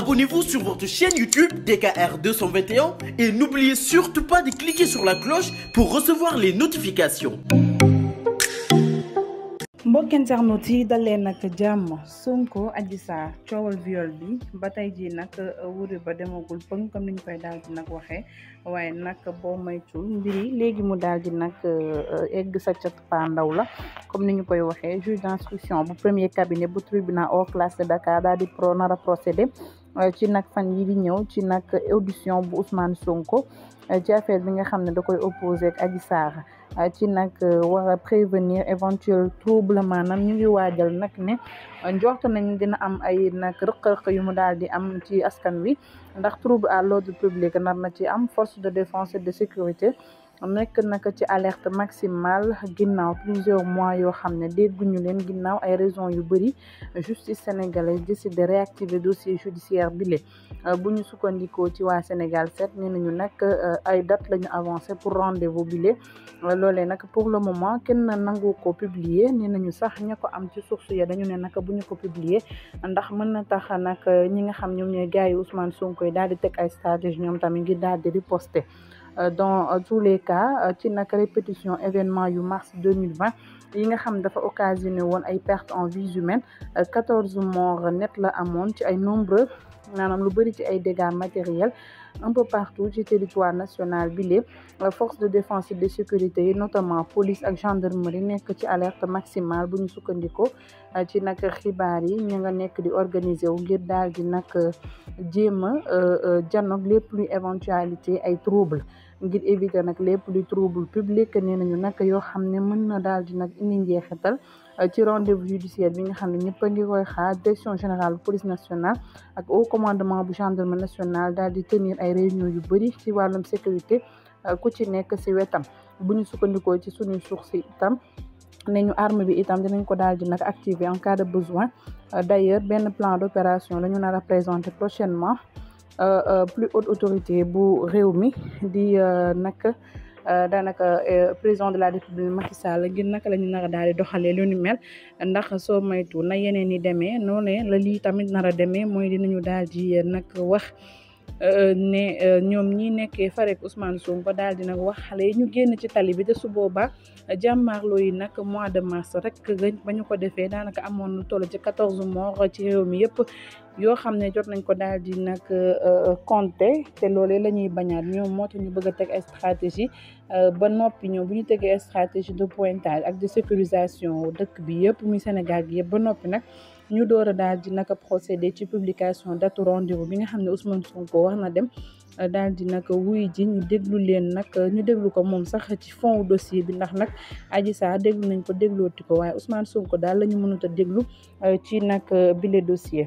Abonnez-vous sur votre chaîne YouTube DKR 221 et n'oubliez surtout pas de cliquer sur la cloche pour recevoir les notifications. mbokk internautes yi dalee nag jàmm Sonko Adji Sarr coowal viol bi ba tey jii nag uh, wuri ba demagul pëng ni ñu koy daal di nag waxee waaye nag boo moytul mbir yi léegi mu daal di nag uh, egg sa cat pa ndaw la comme ni ñu koy waxee juge d'instruction bu premier cabinet bu tribunal hors classe Dakar daal di pro nar a Euh, ci nag fan yi di ñëw ci nag audition bu Ousmane Sonko euh, ci affaire bi nga xam ne da koy opposé ak Adji euh, ci nag war a prévenir éventuel trouble maanaam ñu ngi waajal nag ne njort nañ dina am ay nak rëq-rëq yu mu daal di am ci askan wi ndax trouble à l'ordre public nar na ci am force de défense et de sécurité nekk naka ci alerte maximale ginnaaw plusieurs mois yoo xam ne ñu leen ginnaaw ay raisons yu bëri justice sénégalaise décide réactiver dossier judiciaire bi le euh, bu ñu sukkandikoo ci waa Sénégal seet nee ñu nag euh, ay date lañu ñu pour rendez-vous bi le euh, loolee nag pour le moment kenn nangu ko publier nee ñu sax ña ko am ci source ya dañu ne naka bu ñu ko publier ndax mën na tax nag ñi nga xam ñoom ñooy gars yi Ousmane Sonko yi daal di teg ay stratégie ñoom tamit ngir daal di riposter Euh, dans euh, tous les cas euh, ci nag répétition événement yu mars 2020 yi nga xam dafa occasionné woon ay pertes en vies humaines quatorze morts net la amoon ci ay nombreux maanaam lu bëri ci ay dégâts matériels un peu partout ci territoire national bi les forces de défense et de sécurité yi notamment police ak gendarmerie nekk ci alerte maximale bu ñu sukkandikoo ci nag xibaar yi ñu nga nekk di organiser wu ngir daal di nag jéem a janoog lépp luy éventualité ay troubles ngir éviter nag lépp di trouble public nee nañu nag yoo xam ne mën na daal di nag indi njeexital euh, ci rendez-vous judiciaire bi nga xam ne ñëpp a ngi koy xaar direction général police nationale ak au commandement bu gendarmerie nationale daal di tenir ay réunion yu bëri ci wàllum sécurité euh, ku ci nekk si wetam bu ñu sukkandikoo ci suñuy source itam ne ñu arme bi itam dinañ ko daal di nag activer en cas de besoin euh, d'ailleurs benn plan d'opération la ñu nar a présenter Euh, euh, plus haute autorité bu réew mi di euh, nag daanaka président de la république Macky Sall ngir naka la ñu nar daal di doxalee lu ni mel ndax soo moytu na yeneen yi demee noonu la lii tamit nar a demee mooy dinañu daal di nag wax. ne ñoom ñi nekkee farek Ousmane Sonko daal di nag wax xale yi ñu génn ci tali bi te su boobaa jàmmaarloo yi nag mois de mars rek ba ñu ko defee daanaka amoon lu toll ci quatorze morts ci réew mi yëpp yoo xam ne jot nañ ko daal di nag euh, euh, compter te loolee la ñuy bañaat ñoom moo tax ñu bëgg a teg ay stratégie euh, ba noppi ñoom bu ñu tegee stratégie de pointage ak de sécurisation dëkk bi yëpp muy Sénégal yëpp ba noppi nag ñu door daal di naka procédé ci publication datu rendez-vous bi nga xam ne Ousmane Sonko wax na dem daal di nag wuy ji ñu déglu leen nag ñu déglu ko moom sax ci fond dossier bi ndax nag aji saa déglu nañ ko déglooti ko waaye Ousmane Sonko daal la ñu mënut a déglu ci nag bile dossier.